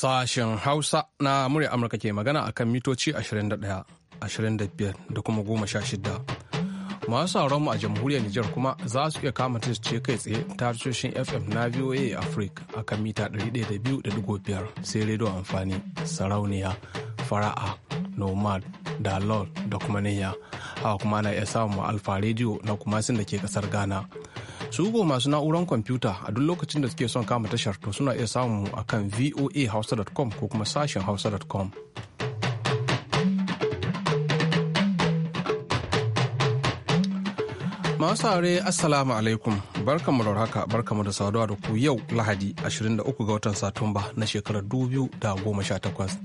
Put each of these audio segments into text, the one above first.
Sashen Hausa na murya Amurka ke magana a kan mitoci 21, 25 da kuma 16. Masu sauran mu a jamhuriyar Nijar kuma za su iya kama ta ce kai tsaye ta tashoshin FM na VOA Africa a kan mita 102.5 sai rediyo amfani sarauniya fara'a nomad da lol da kuma niyya. Haka kuma ana iya samun alfa rediyo na kuma sun da ke kasar Ghana. su go masu na'uran kwamfuta a duk lokacin da suke son kama tashar to suna iya samu a kan voahausa.com ko kuma sashen hausa.com masu saurare assalamu alaikum kamar da haka mu da saduwa da ku yau lahadi 23 ga watan satumba na shekarar 2018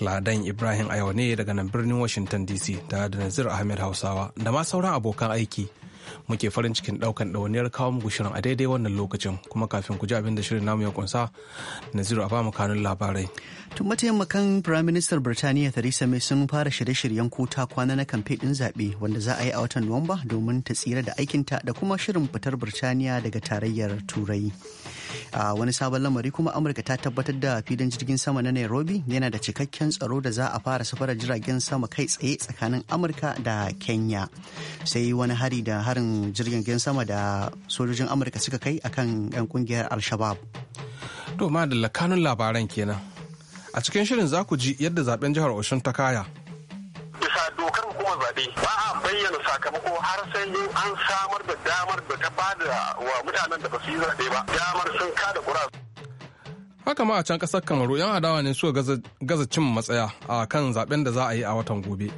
Ladan Ibrahim a ne daga nan birnin Washington DC tare da Nazir Ahmed Hausawa da ma sauran abokan aiki muke farin cikin daukan ɗauniyar kawo muku shirin a daidai wannan lokacin kuma kafin ku ji abin da shirin namu ya kunsa naziru a ba mu kanun labarai. tun mataimakan firayim minister birtaniya theresa may sun fara shirye-shiryen kuta kwana na kamfe din zaɓe wanda za a yi a watan nuwamba domin ta tsira da aikinta da kuma shirin fitar birtaniya daga tarayyar turai. a wani sabon lamari kuma amurka ta tabbatar da filin jirgin sama na nairobi yana da cikakken tsaro da za a fara safarar jiragen sama kai tsaye tsakanin amurka da kenya sai wani hari da harin harin jirgin sama da sojojin amurka suka kai akan 'yan kungiyar al-shabab to da kanun labaran kenan a cikin shirin za ku ji yadda zaben jihar oshun ta kaya bisa dokar hukumar zaɓe ba a bayyana sakamako har sai an samar da damar da ta bada wa mutanen da ba su yi zaɓe ba damar sun kada kura haka ma a can kasar kamaru yan adawa ne suka gaza cin matsaya a kan zaben da za a yi a watan gobe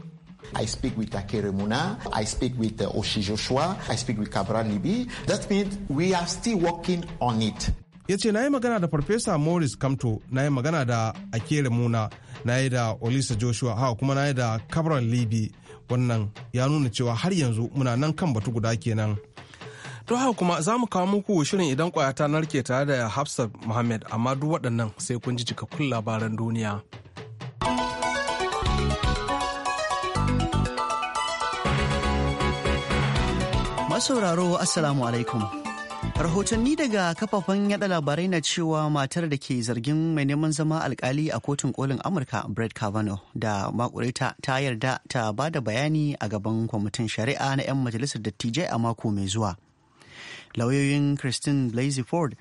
I speak with Akere Muna, I speak with uh, Oshi Joshua, I speak with Cabral Libi. That means we are still working on it. ya ce na yi magana da farfesa morris kamto na yi magana da akere muna na yi da olisa joshua hawa kuma na yi da cabral libi wannan ya nuna cewa har yanzu muna nan kan batu guda kenan to haka kuma za mu kawo muku shirin idan kwaya ta narke tare da hafsat muhammad amma duk waɗannan sai kun ji cikakkun labaran duniya. Masauraro Assalamu alaikum. Rahotanni daga kafafen yada labarai na cewa matar da ke zargin mai neman zama alkali a kotun kolin Amurka Brett Kavanaugh da makurita ta yarda ta ba da bayani a gaban kwamitin shari'a na 'yan majalisar dattijai a mako mai zuwa. lauyoyin christine blasey ford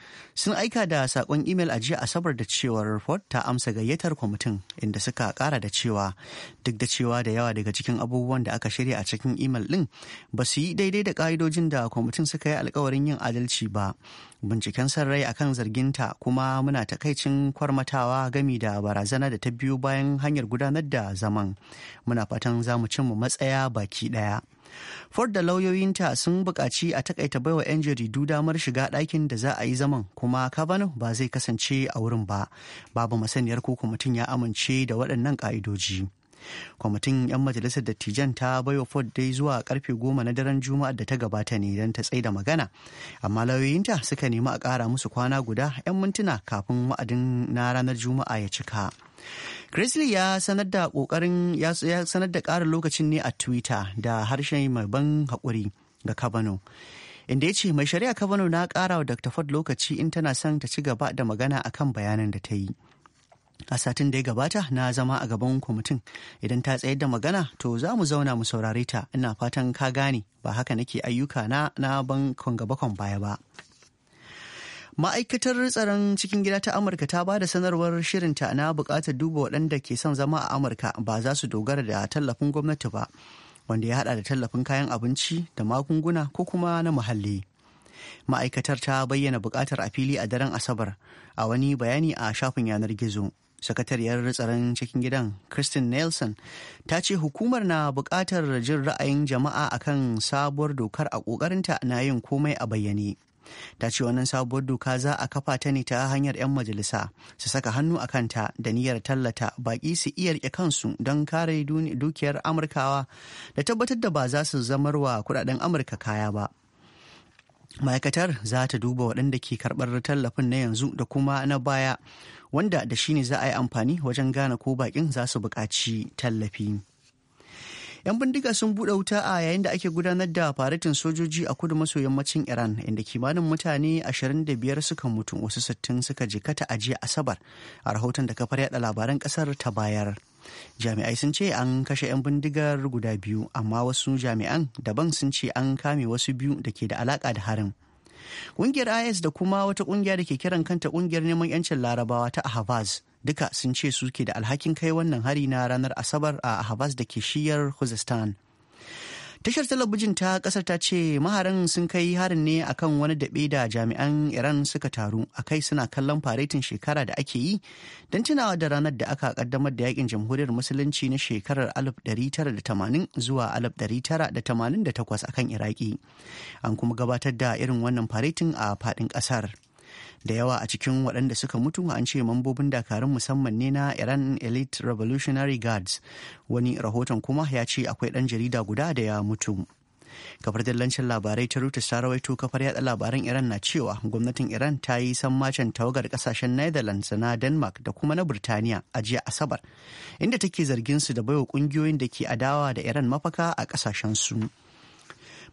sun aika da sakon imel a jiya asabar da cewar ford ta amsa gayyatar kwamitin inda suka kara da cewa duk da cewa da yawa daga cikin abubuwan da aka shirya a cikin imel din ba su yi daidai da ka'idojin da kwamitin suka yi alkawarin yin adalci ba binciken san rai akan zarginta kuma muna takaicin kwarmatawa gami da barazana da ta biyo bayan hanyar gudanar da zaman muna fatan za mu cimma matsaya baki ɗaya. Ford da lauyoyinta sun buƙaci a takaita baiwa 'yan jaridu damar shiga ɗakin da za a yi zaman kuma Kavanaugh ba zai kasance a wurin ba. Babu masaniyar ko mutum ya amince da waɗannan ƙa'idoji. kwamitin 'yan majalisar dattijan ta baiwa ford dai zuwa karfe goma na daren juma'ar da ta gabata ne don ta tsaida magana amma lauyoyinta suka nemi a ƙara musu kwana guda 'yan mintuna kafin wa'adin na ranar juma'a ya cika. Chrisley ya sanar da kokarin ya sanar da ƙarin lokacin ne a Twitter da harshen mai ban haƙuri ga Kavanaugh. Inda ya ce mai shari'a Kavanaugh na ƙara wa Dr. Ford lokaci in tana son ta ci gaba da magana akan bayanan da ta yi. A satin da ya gabata na zama a gaban kwamitin idan ta tsayar da magana to za mu zauna mu saurare ta ina fatan ka gane ba haka nake ayyuka na na ban kwan gaba kwan baya ba. Ma'aikatar tsaron cikin gida ta Amurka ta ba da sanarwar shirinta na bukatar duba waɗanda ke son zama a Amurka ba za su dogara da tallafin gwamnati ba, wanda ya haɗa da tallafin kayan abinci da magunguna ko kuma na muhalli. Ma'aikatar ta bayyana bukatar a fili a daren Asabar a wani bayani a shafin yanar gizo. Sakatariyar tsaron cikin gidan Kristin Nelson ta ce hukumar na bukatar jin ra'ayin jama'a akan sabuwar dokar a kokarinta na yin komai a bayyane. ta ce wannan sabuwar doka za a kafa ta ne ta hanyar 'yan majalisa su saka hannu a kanta da niyyar tallata baki su iya rike kansu don kare dukiyar amurkawa da tabbatar da ba za su zamar wa kudaden amurka kaya ba ma'aikatar za ta duba waɗanda ke karɓar tallafin na yanzu da kuma na baya wanda da shi ne za a yi amfani wajen gane ko baƙin za su buƙaci tallafi. 'Yan bindiga sun buɗe wuta a yayin da ake gudanar da faratin sojoji a kudu maso yammacin Iran inda kimanin mutane 25 suka mutu wasu 60 suka jikata a jiya Asabar a rahoton da kafar yada labaran kasar ta bayar. Jami'ai sun ce an kashe 'yan bindigar guda biyu amma wasu jami'an daban sun ce an kame wasu biyu da ke da alaka da harin. Ƙungiyar IS da kuma wata ƙungiya da ke kiran kanta ƙungiyar neman 'yancin larabawa ta Ahvaz duka sun ce suke da alhakin kai wannan hari na ranar asabar a Ahabas da ke shiyar Khuzestan. Tashar talabijin ta kasar ta ce maharan sun kai harin ne akan wani daɓe da jami'an Iran suka taru a kai suna kallon faretin shekara da ake yi don tunawa da ranar da aka kaddamar da yakin jamhuriyar musulunci na shekarar 1980 zuwa 1988 akan Iraki. An kuma gabatar da irin wannan faretin a faɗin ƙasar. da yawa a cikin waɗanda suka mutu an ce mambobin dakarun musamman ne na iran elite revolutionary guards wani rahoton kuma ya ce akwai ɗan jarida guda da ya mutu kafar dillancin labarai ta Reuters ta rawaito kafar yada labaran Iran na cewa gwamnatin Iran ta yi sammacin tawagar kasashen Netherlands na Denmark da kuma na birtaniya a jiya Asabar inda take zargin su da baiwa kungiyoyin da ke adawa da Iran mafaka a kasashen su.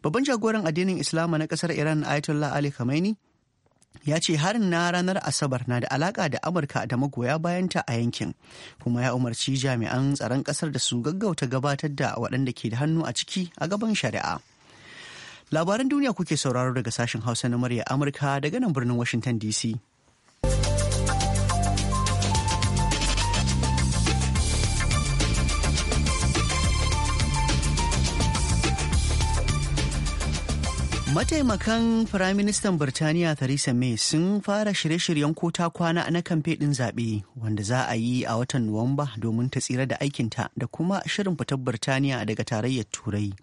Babban jagoran addinin Islama na kasar Iran Ayatollah Ali Khamenei ya ce harin na ranar asabar na da alaƙa da amurka da magoya bayanta a yankin kuma ya umarci jami'an tsaron ƙasar da su gaggauta gabatar da waɗanda ke da hannu a ciki a gaban shari'a labaran duniya kuke sauraro daga sashen hausa na murya amurka daga nan birnin washington dc Mataimakan Firaministan Birtaniya Theresa May sun fara shirye-shiryen kota kwana na kamfe ɗin zaɓe wanda za a yi a watan Nuwamba domin ta tsira da aikinta da kuma shirin fitar Birtaniya daga tarayyar Turai.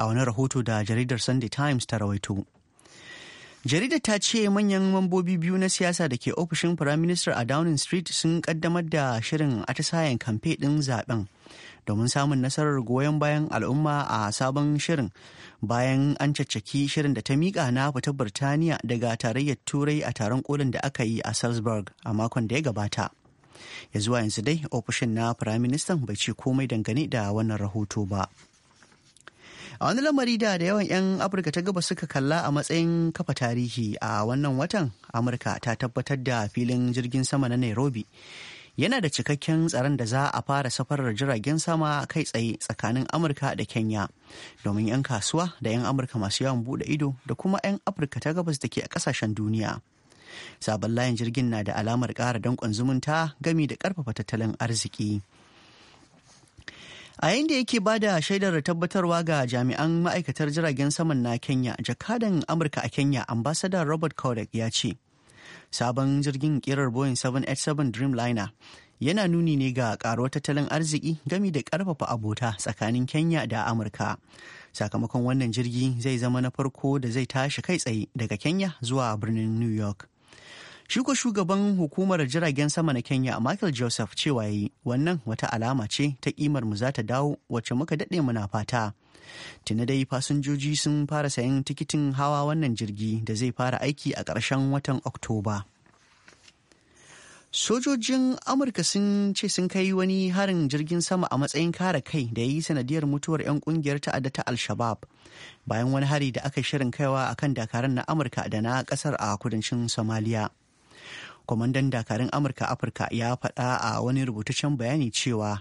A wani rahoto da jaridar Sunday Times ta rawaito. Jaridar ta ce manyan mambobi biyu na siyasa da ke ofishin Firaministar a Downing Street sun ƙaddamar da shirin atisayen kamfe ɗin zaɓen. domin samun nasarar goyon bayan al'umma a sabon shirin bayan an caccaki shirin da ta miƙa na fita birtaniya daga tarayyar turai a taron kolin da aka yi a salzburg a makon da ya gabata ya zuwa yanzu dai ofishin na firaministan bai ce komai dangane da wannan rahoto ba. a wani lamari da da yawan 'yan afirka ta gaba suka kalla a matsayin kafa tarihi a wannan watan amurka ta tabbatar da filin jirgin sama na nairobi yana da cikakken tsaron da za a fara safarar jiragen sama kai tsaye tsakanin amurka da kenya domin 'yan kasuwa da 'yan amurka masu yawan bude ido da kuma 'yan afirka ta gabas da ke a kasashen duniya sabon layin jirgin na da alamar kara danƙon zumunta gami da ƙarfafa tattalin arziki a yayin da yake ba da shaidar tabbatarwa ga jami'an ma'aikatar jiragen saman na kenya jakadan amurka a kenya ambassador robert kodak ya ce sabon jirgin kirar boeing 787 dreamliner yana nuni ne ga karuwar tattalin arziki gami da karfafa abota tsakanin kenya da amurka sakamakon wannan jirgi zai zama na farko da zai tashi kai tsaye daga kenya zuwa birnin new york Shuka shugaban hukumar jiragen sama na Kenya Michael Joseph cewa yi wannan wata alama ce ta kimar mu za ta dawo wacce muka daɗe muna fata. Tuna dai fasinjoji sun fara sayan tikitin hawa wannan jirgi da zai fara aiki a ƙarshen watan oktoba sojojin amurka sun ce sun kai wani harin jirgin sama a matsayin kare kai da ya yi sanadiyar mutuwar 'yan kungiyar ta'adda ta al-shabab bayan wani hari da aka shirin kaiwa akan dakaran na amurka da na kasar a kudancin somaliya kwamandan dakarun amurka afirka ya faɗa a wani rubutaccen bayani cewa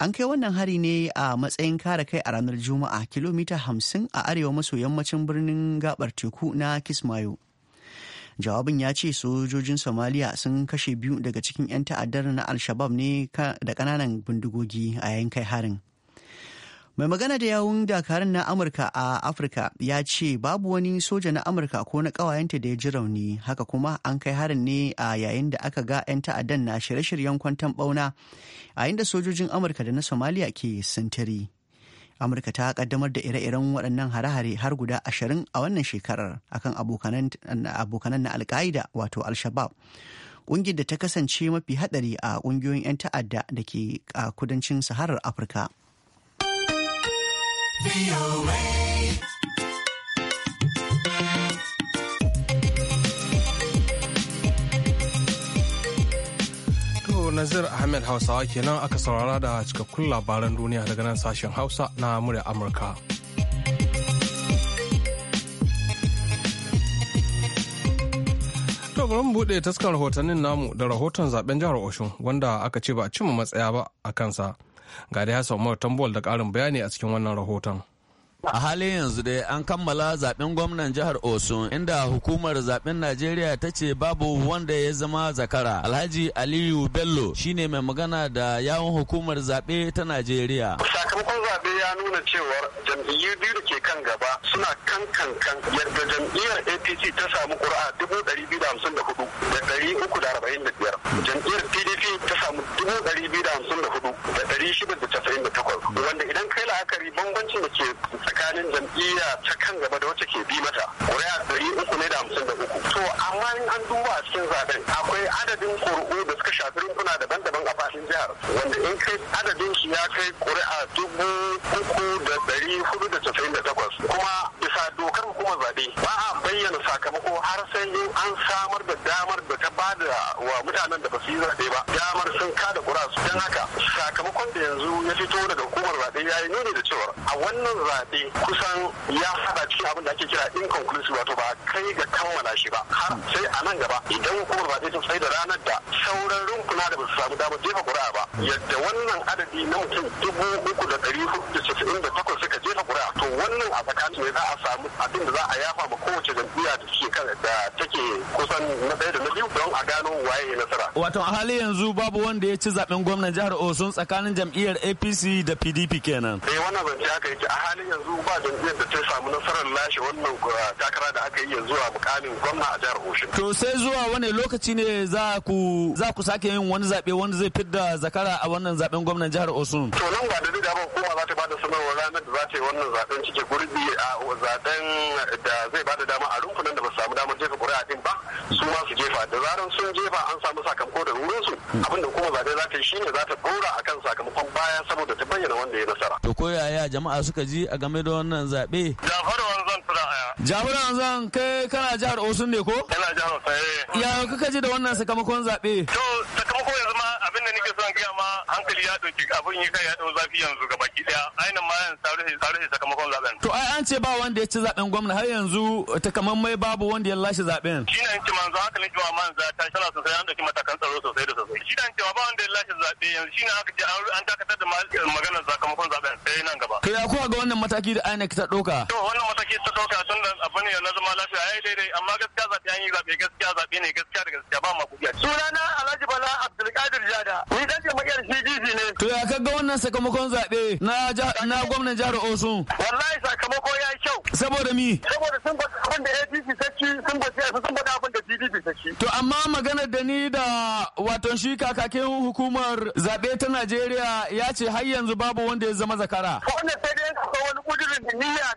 An kai wannan hari ne a matsayin kare kai a ranar Juma'a kilomita hamsin a arewa maso yammacin birnin gabar teku na Kismayo. Jawabin ya ce sojojin Somaliya sun kashe biyu daga cikin 'yan ta'addar na Al-Shabab ne da ƙananan bindigogi a yayin kai harin. mai magana da yawun dakarun na amurka a afirka ya ce babu wani soja na amurka ko na kawayenta da ya ji rauni haka kuma an kai harin ne a yayin da aka ga 'yan ta'addan na shirye-shiryen kwanton bauna a yayin da sojojin amurka da na somaliya ke sintiri amurka ta kaddamar da ire-iren waɗannan hare-hare har guda ashirin a wannan shekarar akan abokanan na alka'ida wato al-shabab ƙungiyar da ta kasance mafi haɗari a ƙungiyoyin 'yan ta'adda da ke a kudancin saharar afirka Nazir Ahmed Hausawa kenan aka saurara da cikakkun labaran duniya daga nan sashen Hausa na murya Amurka. To bari mu buɗe taskar rahotannin namu da rahoton zaben jihar Oshun wanda aka ce ba a cimma matsaya ba a kansa. Ga dai Hassan Umar Tambol da ƙarin bayani a cikin wannan rahoton. A halin yanzu dai an kammala zaben gwamnan jihar Osun inda hukumar zaben Najeriya ta ce babu wanda ya zama zakara. Alhaji Aliyu Bello shine mai magana da yawon hukumar zabe ta Najeriya. Sakamakon zaɓe ya nuna cewar jam'iyyu biyu da ke kan gaba suna kan kan kan yadda jam'iyyar APC ta samu ƙuri'a dubu ɗari biyu da hamsin da hudu da ɗari uku da arba'in da biyar. Jam'iyyar PDP ta samu dubu ɗari biyu da hamsin da hudu da ɗari shida da casa'in da takwas. Wanda idan kai la'akari bambancin da ke tsakanin jam'iyya ta kan gaba da wacce ke bi mata ƙuri'a ɗari uku ne da hamsin da uku to amma in an duba a cikin zaben akwai adadin ƙuri'u da suka shafi rumfuna daban-daban a fashin jihar wanda in kai adadin shi ya kai ƙuri'a dubu uku da ɗari hudu da casa'in da takwas kuma bisa dokar hukumar zaɓe ba a bayyana sakamako har sai in an samar da damar da ta ba da wa mutanen da ba su yi zaɓe ba damar sun kada ƙuri'a su don haka sakamakon da yanzu ya fito daga hukumar zaɓe ya yi nuni da cewa a wannan zaɓe kusan ya fada cikin abin da ake kira inconclusive wato ba kai ga kammala shi ba har hmm. sai a nan gaba idan hukumar ba zai sai da ranar da sauran rumfuna da ba su samu damar jefa ƙuri'a ba hmm. yadda wannan adadi na mutum dubu uku da ɗari hudu da casa'in da takwas suka jefa ƙuri'a to wannan a tsakanin ne za a samu abin da za a yafa ma kowace jam'iyya da suke kan da take kusan na ɗaya da na waye nasara wato a hali yanzu babu wanda ya ci zaben gwamnan jihar Osun tsakanin jam'iyyar APC da PDP kenan eh wannan zance aka yake a hali yanzu ba jam'iyyar da ta samu nasarar lashe wannan uh, takara da aka yi yanzu a mukamin gwamna a jihar Osun to sai zuwa wani lokaci ne za ku za ku sake yin wani zabe wanda zai fidda zakara a wannan zaben gwamnan jihar Osun to nan ba da da ba kowa za ta bada sanarwar ranar da za ta yi wannan zaben cike gurbi a uh, zaben da zai bada dama a rumfunan da ba su samu damar jefa kuri'a din ba su ma su jefa da zaran sun jefa ba an samu sakamako da wurinsu abinda kuma zaɓe za ta yi shine za ta dora akan sakamakon baya saboda ta bayyana wanda ya nasara. To ko yaya jama'a suka ji a game da wannan zaɓe? Jafaru Wanzan Tura'aya. Jafaru zan kai kana jihar Osun ne ko? Kana jihar Osun. Eh. Ya kuka ji da wannan sakamakon zaɓe? To hankali ya ɗauki abin yi kai ya ɗau zafi yanzu ga baki ɗaya ainihin ma yanzu tsaruhe tsaruhe sakamakon zaben. To ai an ce ba wanda ya ci zaben gwamna har yanzu ta mai babu wanda ya lashe zaben. Shi ne ce manzo hankalin cewa manza ta tana sosai an ɗauki matakan tsaro sosai da sosai. Shi ne cewa ba wanda ya lashe zaɓe yanzu shi ne haka ce an dakatar da eh, maganar sakamakon zaben sai nan gaba. To ya kuwa ga wannan mataki da INEC ta ɗauka? To wannan mataki ta ɗauka tun da abu ne na zama lafiya ya yi daidai amma gaskiya zaɓe an yi zaɓe gaskiya zaɓe ne gaskiya da gaskiya ba ma kuɗi. Sunana Alhaji Bala Abdulkadir Jada. Ni ɗan jam'iyyar ne. To ya kaga wannan sakamakon zaɓe na na gwamnan jihar Osun. Wallahi sakamako ya yi kyau. Saboda mi? Saboda sun ba abin da APC ta ci sun ba sun ba abin da PDP ta ci. To amma maganar da ni da waton shi kakakin hukumar zaɓe ta Najeriya ya ce har yanzu babu wanda ya zama zakara. Wannan sai niyya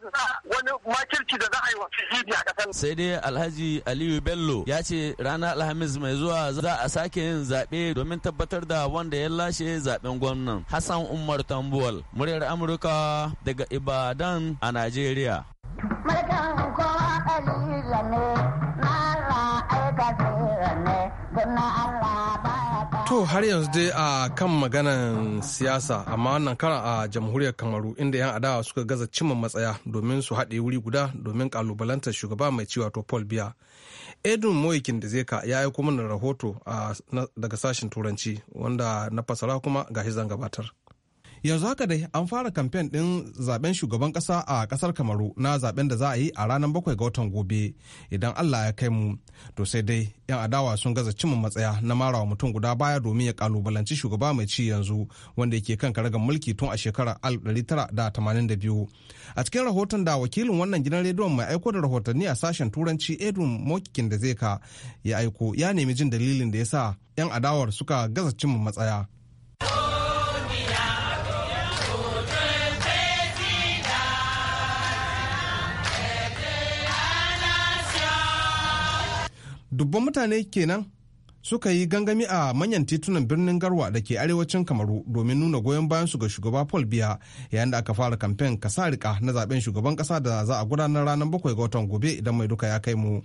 wani makirci da za a yi wa fihidi a ƙasar. Sai dai Alhaji Aliyu Bello ya ce ranar Alhamis mai zuwa za a sake yin zaɓe domin tabbatar da wanda ya lashe zaɓen gwamnan. Hassan Umar Tambuwal, muryar Amurka daga Ibadan a Najeriya. To har yanzu dai a kan maganan siyasa amma wannan karan a jamhuriyar Kamaru inda 'yan adawa suka gaza cimma matsaya domin su haɗe wuri guda domin kalubalantar shugaba mai ciwa to Paul Biya. Edun Moikin da zeka ya aiko mana rahoto daga sashen turanci wanda na fasara kuma gashi zan gabatar. yanzu haka dai an fara kamfen ɗin zaben shugaban ƙasa a ƙasar kamaru na zaben da za a yi a ranar bakwai ga watan gobe idan allah ya kai mu to sai dai yan adawa sun gaza cimma matsaya na mara wa mutum guda baya domin ya kalubalanci shugaba mai ci yanzu wanda yake kan karagar mulki tun a shekarar biyu a cikin rahoton da wakilin wannan gidan rediyon mai aiko da rahotanni a sashen turanci edwin mokikin da zai ka ya aiko ya nemi jin dalilin da ya sa yan adawar suka gaza cimma matsaya dubban mutane kenan suka yi gangami a manyan titunan birnin garwa da ke arewacin kamaru domin nuna goyon bayan su ga shugaba paul biya yayin da aka fara kamfen kasa rika na zaben shugaban kasa da za a gudanar ranar bakwai ga watan gobe idan mai duka ya kai mu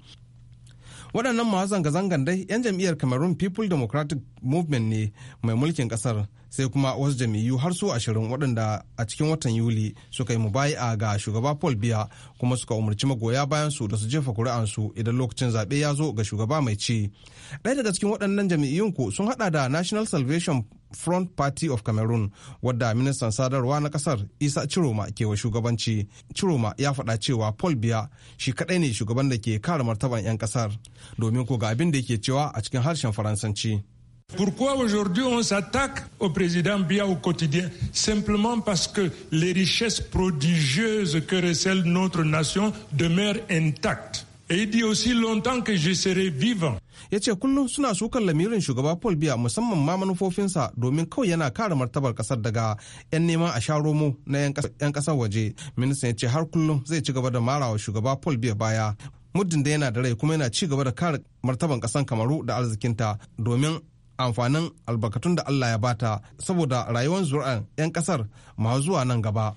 waɗannan masu zanga-zangan dai 'yan jam'iyyar cameroon people democratic movement ne mai mulkin ƙasar sai kuma wasu jami'u har su ashirin waɗanda a cikin watan yuli suka yi mubaya ga shugaba paul biya kuma suka umarci magoya bayan su da su jefa kuri'ansu idan lokacin zaɓe ya zo ga shugaba mai ci ɗaya daga cikin waɗannan jami'un ku sun haɗa da national salvation front party of cameroon wadda ministan sadarwa na ƙasar isa ciroma ke wa shugabanci ciroma ya faɗa cewa paul biya shi kaɗai ne shugaban da ke kare martaban 'yan ƙasar domin ko ga abin da yake cewa a cikin harshen faransanci Pourquoi aujourd'hui on s'attaque au président Bia au quotidien Simplement parce que les richesses prodigieuses que recèle notre nation demeurent intactes. Et il dit aussi longtemps que je serai vivant. yace kullum suna sukan lamirin shugaba paul biya musamman ma manufofinsa domin kawai yana kare martabar kasar daga 'yan neman a sha romo na 'yan kasar waje ministan ya ce har kullum zai ci gaba da marawa shugaba paul biya baya muddin da yana da rai kuma yana ci gaba da kare martaban kasan kamaru da arzikinta domin amfanin albarkatun da Allah ya bata saboda rayuwar zuwa 'yan kasar ma zuwa nan gaba.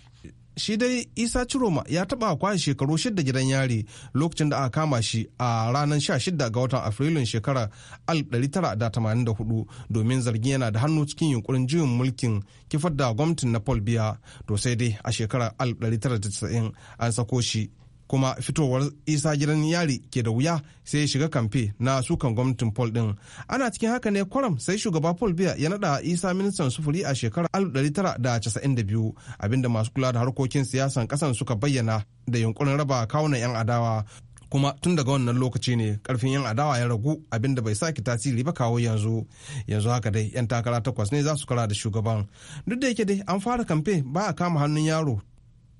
Shi dai Isa Ciroma ya taɓa kwashe shekaru shida gidan yari lokacin da aka kama shi a ranar 16 ga watan Afrilun shekarar 1984 domin zargin yana da hannu cikin yunkurin juyin mulkin kifar da gwamnatin na Paul Biya to sai dai a shekarar 1990 an sako shi. kuma fitowar isa gidan yari ke da wuya sai ya shiga kamfe na sukan gwamnatin paul din ana cikin haka ne kwaram sai shugaba paul biya ya nada isa ministan sufuri a shekarar tara da da casa'in biyu. abinda masu kula da harkokin siyasan kasan suka bayyana da yunkurin raba kawunan 'yan adawa kuma tun daga wannan lokaci ne karfin yan adawa ya ragu abinda bai sake tasiri ba kawo yanzu yanzu haka dai yan takara takwas ne za su kara da shugaban duk da yake dai an fara kamfe ba a kama hannun yaro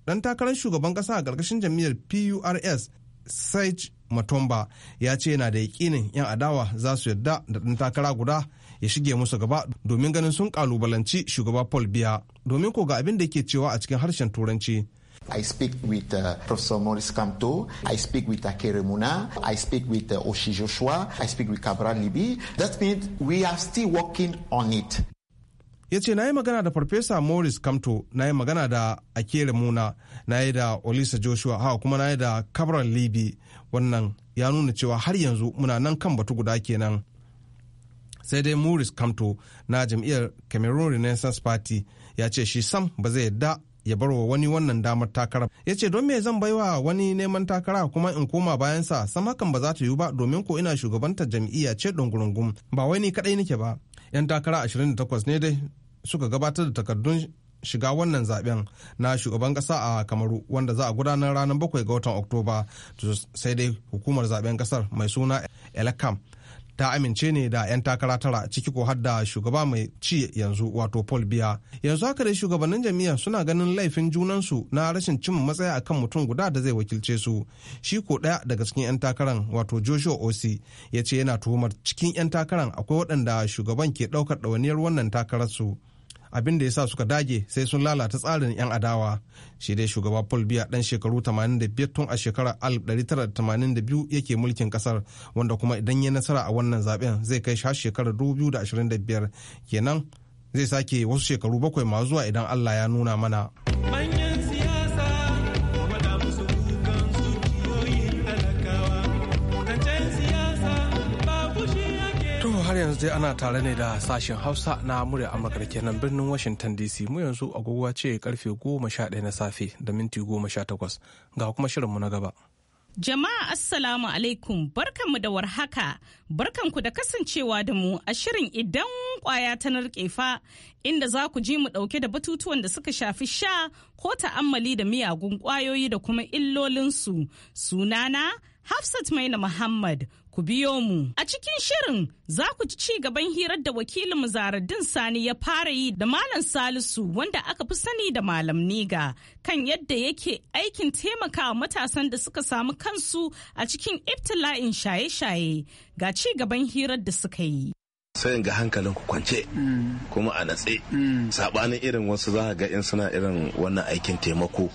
dan takarar shugaban kasa a ƙarƙashin jam'iyyar purs sage matomba ya ce yana da yakinin 'yan adawa za su yadda da ɗan takara guda ya shige musu gaba domin ganin sun kalubalanci shugaba paul biya domin ko ga abin da ke cewa a cikin harshen turanci I speak with uh, Professor Maurice Kamto, I speak with Akere Muna, I speak with uh, Oshi Joshua, I speak with Cabral Libi. That means we are still working on it. ya ce na yi magana da farfesa morris kamto na yi magana da akere muna na yi da olisa joshua hawa kuma na yi da cabral libi wannan ya nuna cewa har yanzu muna nan kan batu guda kenan sai dai morris kamto na jam'iyyar cameroon renaissance party ya ce shi sam ba zai yadda ya bar wa wani wannan damar takara ya ce don me zan baiwa wani neman takara kuma in koma bayansa sam hakan ba za ta yiwu ba domin ko ina shugabantar jam'iyya ce ɗungurungun. ba wai ni kadai nake ba yan takara 28 ne dai suka gabatar da takardun shiga wannan zaben na shugaban kasa a kamaru wanda za a gudanar ranar bakwai ga watan oktoba sai dai hukumar zaben kasar mai suna elekam ta amince ne da 'yan takara tara ciki ko har shugaba mai ci yanzu wato paul biya yanzu haka dai shugabannin jami'a suna ganin laifin junansu na rashin cin matsaya akan mutum guda da zai wakilce su shi ko daya daga cikin 'yan takaran wato joshua osi ya ce yana tuhumar cikin 'yan takaran akwai waɗanda shugaban ke ɗaukar ɗawaniyar wannan takararsu. abin da ya sa suka dage sai sun lalata tsarin 'yan adawa shi dai shugaba paul biya dan shekaru 85 tun a shekarar 1982 yake mulkin kasar wanda kuma idan ya nasara a wannan zaben zai kai shi har shekarar 2025 kenan zai sake wasu shekaru bakwai ma zuwa idan allah ya nuna mana. yanzu dai ana tare ne da sashen Hausa na murya Amurka da kenan birnin Washington DC mu yanzu agogo ce karfe 11 na safe da minti 18 ga kuma shirinmu na gaba. Jama'a Assalamu alaikum barkanmu da warhaka barkanku da kasancewa da mu a shirin idan kwaya ta narkefa inda za ku ji mu dauke da batutuwan da suka shafi sha ko ta'ammali da miyagun kwayoyi da kuma illolinsu sunana Hafsat Maina Muhammad ku biyo mu. A cikin shirin za ku ci gaban hirar da wakilin muzaraddin Sani ya fara yi da Malam Salisu wanda aka fi sani da Malam Niga kan yadda yake aikin taimakawa matasan da suka samu kansu a cikin ibtila'in shaye-shaye ga ci gaban hirar da suka yi. sai ga hankalin ku kwance kuma a natse sabanin irin wasu za ga in suna irin wannan aikin taimako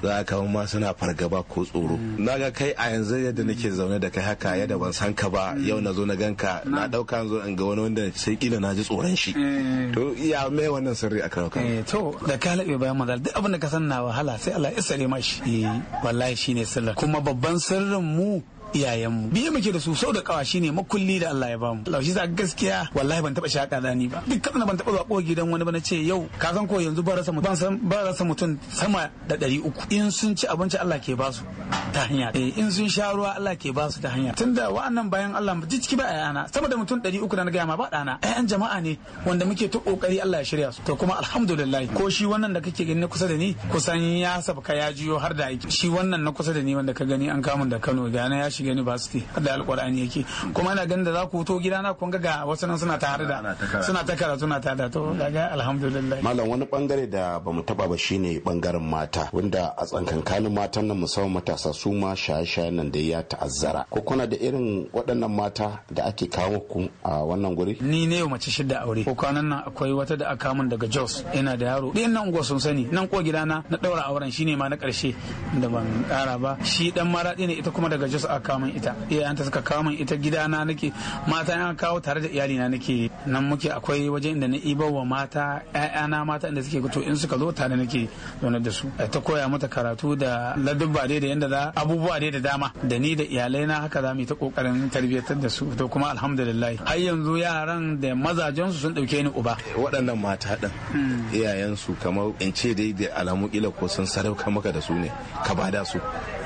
za ka ma suna fargaba ko tsoro na ga kai a yanzu yadda nake zaune da kai haka yadda ban san ka ba yau na zo na ganka na dauka zo in ga wani wanda sai kila na ji tsoron shi eh. to ya me wannan sirri a karauka eh, to da ka labe bayan magana duk abin da ka san na wahala sai Allah ya sare mashi eh, wallahi shine sirri kuma babban sirrin mu iyayenmu biye muke da su sau da kawa shine makulli da Allah ya bamu Allah shi sa gaskiya wallahi ban taba shaka dani ba duk kana ban taba zuwa kowa gidan wani ba nace ce yau ka san ko yanzu ba rasa mutum san ba rasa mutum sama da ɗari uku in sun ci abinci Allah ke basu ta hanya eh, in sun sha ruwa Allah ke basu ta hanya tunda wa'annan bayan Allah ba ciki ba ayana sama da mutum ɗari uku da na gaya ma ba ɗana ayan jama'a ne wanda muke ta kokari Allah ya shirya su to kuma alhamdulillah ko shi wannan da kake gani kusa da ni kusan ya sabka ya jiyo har da shi wannan na kusa da ni wanda ka gani an kamun da Kano na ya shiga university har da alkur'ani yake kuma ina ganin da za ku fito gida na kun ga wasu nan suna tare da suna ta karatu na tare da to daga alhamdulillah malam wani bangare da bamu taba ba shine bangaren mata wanda a tsankankanin matan nan musamman matasa su ma shaye-shayen nan da ya ta'azzara ko kuna da irin waɗannan mata da ake kawo ku a wannan guri ni ne mace shidda aure ko kwanan nan akwai wata da aka mun daga Jos ina da yaro din nan unguwa sun sani nan ko gidana na daura auren shine ma na karshe da ban ƙara ba shi dan maraɗi ne ita kuma daga Jos aka kamun ita ta suka kamun ita gida na nake mata yan kawo tare da iyalina nake nan muke akwai wajen inda na ibo wa mata ƴaƴana mata inda suke fito in suka zo tare nake zaune da su eh, ta koya mata karatu da ladubba dai da yanda za abubuwa dai da dama da ni da iyalai na haka za mu ta kokarin tarbiyyatar da su to kuma alhamdulillah har yanzu yaran da mazajen su sun dauke ni uba eh, waɗannan mata din hmm. iyayen su kamar in ce dai da alamu ila ko sun sarauka maka da su ne ka bada su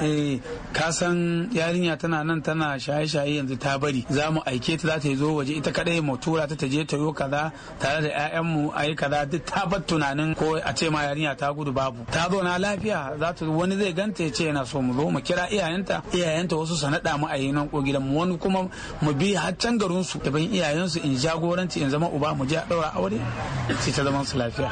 eh ka san yarinya duniya tana nan tana shaye-shaye yanzu ta bari za mu aike ta za ta zo waje ita kadai mu tura ta ta je ta yo kaza tare da 'ya'yanmu a yi kaza duk ta bar tunanin ko a ce ma yarinya ta gudu babu ta zo na lafiya za ta wani zai ganta ya ce yana so mu zo mu kira iyayenta iyayenta wasu su naɗa mu a yi nan ko gidan mu wani kuma mu bi har can garin su daban iyayen su in jagoranci in zama uba mu je a ɗaura aure sai ta zaman su lafiya.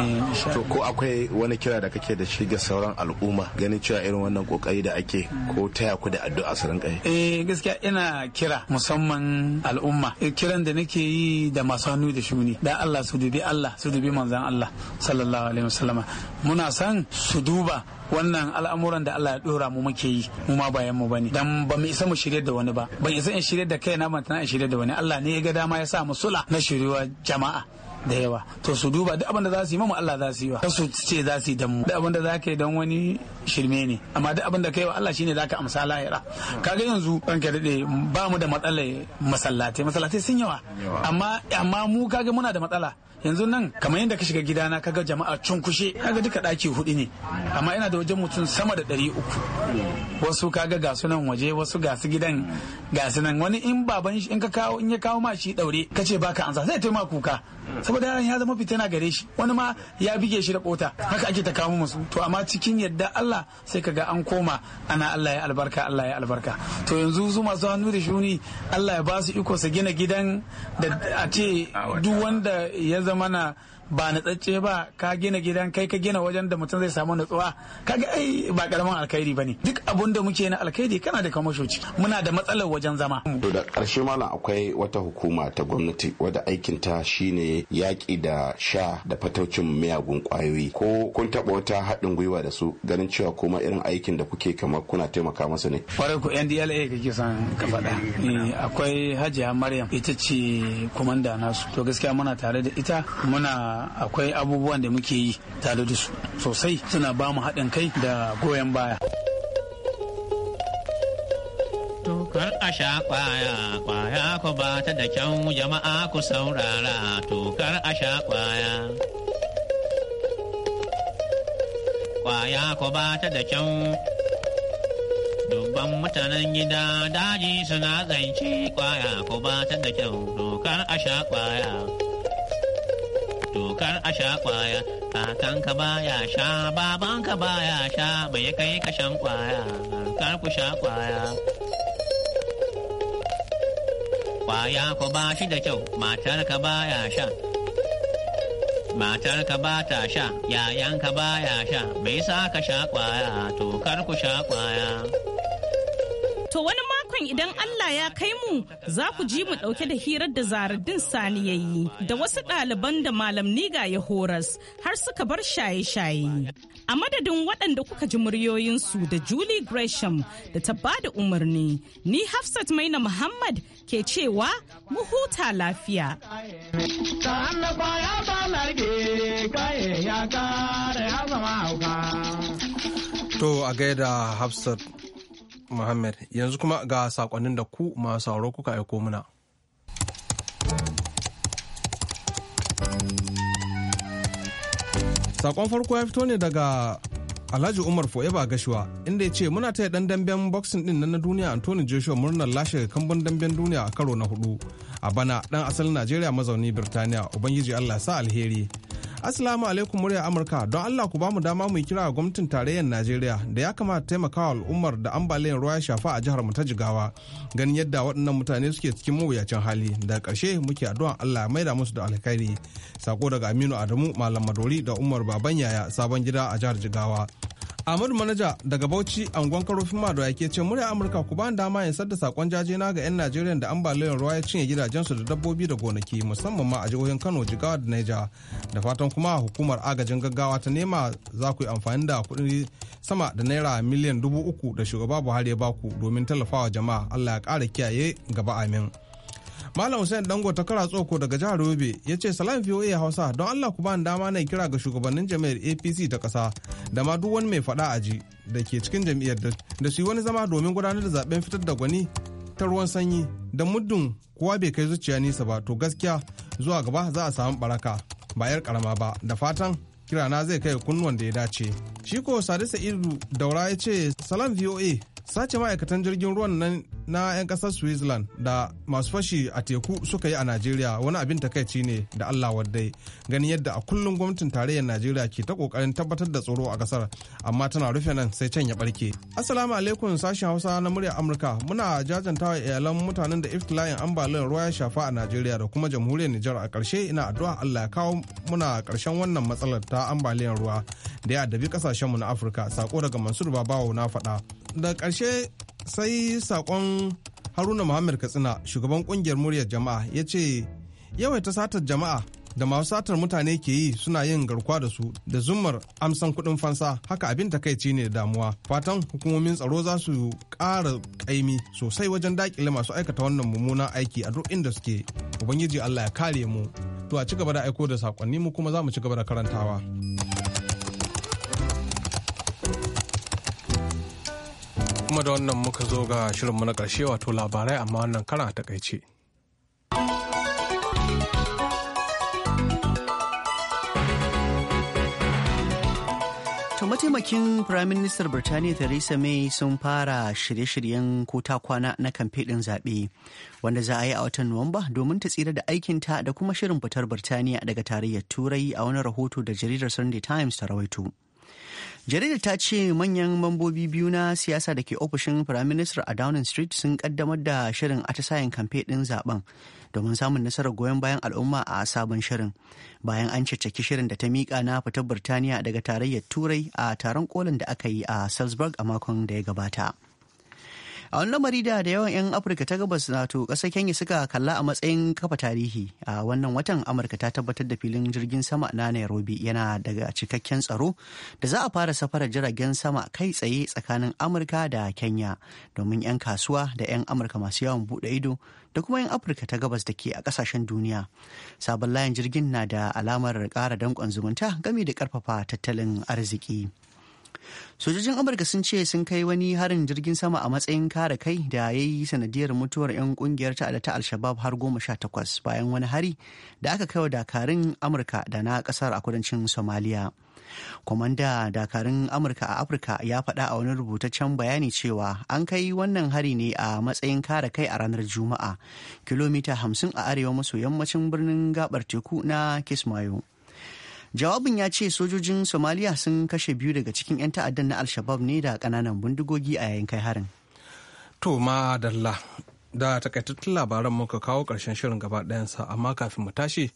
Eh, to ko akwai wani kira da kake da shi ga sauran al'umma ganin cewa irin wannan kokari da ake ko taya ku da addu'a addu'a su rinka eh gaskiya ina kira musamman al'umma eh, kiran da nake yi da masu hannu da shuni da Allah su dubi Allah su dubi manzan Allah sallallahu alaihi wasallama muna san su duba wannan al'amuran da Allah ya dora mu muke yi mu ma bayan mu bane dan ba mu isa mu shirye da wani ba ban isa in shirye da kaina ban tana in shirye da wani Allah ne ya ga dama ya sa mu sula na shiryuwa jama'a da yawa to su duba duk abin da za su yi mamu Allah za su yi wa su ce za su yi dan mu duk abin da za ka yi dan wani shirme ne amma duk abin ka yi wa Allah shine za ka amsa lahira kaga yanzu ka dade ba mu da matsalai masallatai masallatai sun yawa amma amma mu kaga muna da matsala yanzu nan kamar yadda ka shiga gidana kaga jama'a cunkushe kaga duka daki hudu ne amma ina da wajen mutum sama da ɗari uku wasu kaga ga nan waje wasu ga gidan ga nan wani in baban shi in ka kawo in ya kawo ma shi daure ka ce baka ansa zai taimaka kuka saboda yaran ya zama fitina gare shi wani ma ya bige shi da kota haka ake ta kawo musu to amma cikin yadda Allah sai ka ga an koma ana Allah ya albarka Allah ya albarka to yanzu su masu hannu da shuni Allah ya ba su iko su gina gidan da a ce duk wanda ya zama na ba natsacce ba ka gina gidan kai ka gina wajen da mutum zai samu natsuwa ga ai ba karamin alkhairi bane duk abun da muke na alkhairi kana da kamashoci muna da matsalar wajen zama to da karshe malam akwai wata hukuma ta gwamnati wadda aikin ta shine yaki da sha da fataucin miyagun kwayoyi ko kun taba wata haɗin gwiwa da su ganin cewa kuma irin aikin da kuke kamar kuna taimaka masa ne kwarai ku NDLA kake son ka faɗa eh, akwai Hajiya Maryam ita ce komanda nasu to gaskiya muna tare da ita muna akwai abubuwan da muke yi tare da su sosai suna ba mu haɗin kai da goyon baya. Tukar a sha kwaya, kwaya ku ba ta da kyau jama'a ku saurara tukar a sha kwaya. Kwaya ku ba ta da kyau dubban mutanen gida daji suna zance kwaya ku ba ta da kyau dokar a sha kwaya. kar a sha kwaya ba baya sha babanka baya sha bai kai ka shan kwaya kar ku sha kwaya kwaya ku ba shi da kyau matar matarka baya sha matar ka ba ta sha yayanka baya sha bai sa ka sha kwaya to kar ku sha kwaya to wani Shirin idan Allah ya kai mu za ku ji mu ɗauke da hirar da zaradin sani ya yi da wasu ɗaliban da malam niga ya horas har suka bar shaye-shaye. A madadin waɗanda kuka ji muryoyinsu da Julie Gresham da ta ba da umarni, ni Hafsat Maina Muhammad ke cewa mu huta lafiya. To a gaida Hafsat Muhammad yanzu kuma ga sakonnin da ku masu sauro kuka aiko muna. Sakon farko ya fito ne daga Alhaji Umar Foeba Gashuwa inda ya ce muna taya dan damben boxing din na duniya Anthony Joshua murnar lashe kambun damben duniya a karo na hudu. A bana dan asalin Najeriya mazauni Birtaniya Ubangiji Allah sa alheri. Asalamu alaikum murya Amurka don Allah ku bamu dama mu kira ga gwamnatin tarayyar Najeriya da ya kamata taimakawa al'ummar da ambaliyar ruwa ya shafa a jihar mu ta Jigawa ganin yadda waɗannan mutane suke cikin mawuyacin hali da ƙarshe muke addu'an Allah ya maida musu da alkhairi sako daga Aminu Adamu Malam Madori da Umar Baban Yaya sabon gida a jihar Jigawa. Ahmadu Manaja daga Bauchi angon karofin Mado yake ce murya Amurka ku ba dama yin sadda sakon jajena ga 'yan Najeriya da ambaliyar ruwa ya cinye gidajensu da dabbobi da gonaki musamman ma a jihohin Kano, Jigawa da Niger. Da fatan kuma hukumar agajin gaggawa ta nema za ku yi amfani da kuɗin sama da naira miliyan dubu uku da shugaba Buhari ya baku domin tallafawa jama'a. Allah ya ƙara kiyaye gaba amin. Malam Hussein Dango ta kara tsoko daga jihar Yobe ya ce salam VOA Hausa don Allah ku bani dama na kira ga shugabannin jami'ar APC ta kasa da ma duk wani mai faɗa ji da ke cikin jami'ar da su wani zama domin gudanar da zaben fitar da gwani ta ruwan sanyi da muddin kowa bai kai zuciya nisa ba to gaskiya zuwa gaba za a samu baraka ba yar karama ba da fatan kirana zai kai kunnuwan da ya dace. shiko ko Sadi Sa'idu Daura ya ce salam VOA sace ma'aikatan jirgin ruwan nan na 'yan kasar switzerland da masu fashi a teku suka yi a najeriya wani abin takaici ne da allah waddai ganin yadda a kullum gwamnatin tarayyar najeriya ke ta kokarin tabbatar da tsoro a kasar amma tana rufe nan sai can ya barke assalamu alaikum sashen hausa na murya amurka muna jajantawa iyalan mutanen da iftila'in ambaliyar ruwa ya shafa a najeriya da kuma jamhuriyar nijar a karshe ina addu'a allah ya kawo muna karshen wannan matsalar ta ambaliyar ruwa da ya addabi ƙasashenmu na afirka sako daga mansur babawo na faɗa da ƙarshe sai saƙon haruna muhammad katsina shugaban ƙungiyar muryar jama'a ya ce yawaita satar jama'a da masu satar mutane ke yi suna yin garkuwa da su da zumar amsan kuɗin fansa haka abin takaici ne da damuwa fatan hukumomin tsaro za su ƙara ƙaimi sosai wajen daƙile masu aikata wannan mummunan aiki a duk inda suke ubangiji allah ya kare mu to a ci gaba da aiko da saƙonni mu kuma za mu ci gaba da karantawa. kuma da wannan muka zo ga shirinmu na ƙarshe wato labarai amma wannan kara a takaice. mataimakin firaministan birtaniya theresa may sun fara shirye-shiryen kota kwana na kamfe ɗin zaɓe wanda za a yi a watan nuwamba domin ta tsira da aikinta da kuma shirin fitar birtaniya daga tarayyar turai a wani rahoto da jaridar sunday times ta rawaito. jaridar ta ce manyan mambobi biyu na siyasa da ke ofishin firaministar a downing street sun kaddamar da shirin atisayen kamfe ɗin zaben domin samun nasarar goyon bayan al'umma a sabon shirin bayan an caccaki shirin da ta miƙa na fitar birtaniya daga tarayyar turai a taron kolin da aka yi a salzburg a makon da ya gabata. a wani lamari da da yawan 'yan afirka ta gabas nato ƙasar kenya suka kalla a matsayin kafa tarihi a wannan watan amurka ta tabbatar da filin jirgin sama na nairobi yana daga cikakken tsaro da za a fara safarar jiragen sama kai tsaye tsakanin amurka da kenya domin 'yan kasuwa da 'yan amurka masu yawon buɗe ido da kuma 'yan afirka ta gabas da ke a kasashen duniya sabon layin jirgin na da alamar ƙara danƙon zumunta game da ƙarfafa tattalin arziki. sojojin amurka sun ce sun kai wani harin jirgin sama a matsayin kare kai da ya yi sanadiyar mutuwar 'yan kungiyar ta'adda ta alshabab har goma sha takwas bayan wani hari da aka kai wa dakarun amurka da na kasar a kudancin somaliya kwamanda dakarun amurka a afirka ya faɗa a wani rubutaccen bayani cewa an kai wannan hari ne a matsayin kare kai a ranar juma'a kilomita hamsin a arewa maso yammacin birnin gabar teku na kismayo jawabin ya ce sojojin somaliya sun kashe biyu daga cikin 'yan ta'addan na alshabab ne da kananan bindigogi a yayin kai harin to ma dalla da takaitattun labaran muka kawo karshen shirin gaba ɗayansa amma kafin mu tashi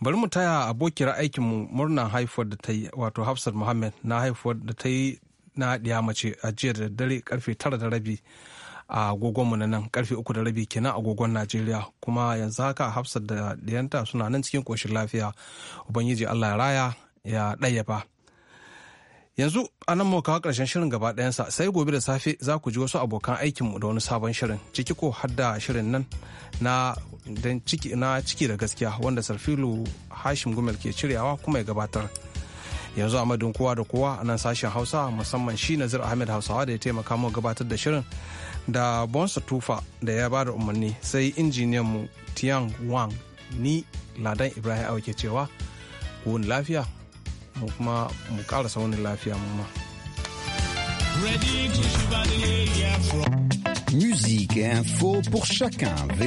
bari mu taya abokiyar aikinmu murnan haifuwar da ta yi wato hafsat muhammad na haifar da ta yi na ɗiya mace a jiya da daddare karfe tara da rabi a agogonmu na nan karfe uku da rabi kenan agogon najeriya kuma yanzu haka hafsat da diyanta suna nan cikin koshin lafiya ubangiji allah ya raya ya ɗayyafa yanzu a nan muka kawo ƙarshen shirin gaba ɗayansa sai gobe da safe za ku ji wasu abokan aikinmu da wani sabon shirin ciki ko hadda shirin nan na ciki na ciki da gaskiya wanda sarfilu hashim gumel ke ciryawa kuma ya gabatar yanzu a madin kowa da kowa a nan sashen hausa musamman shi nazir ahmed hausawa da ya taimaka mu gabatar da shirin da bonsa tufa da ya ba da umarni sai injiniyan mu tian wang ni ladan ibrahim auke cewa ku wani lafiya mu kuma mu karasa wani lafiya mu ma Music info pour chacun.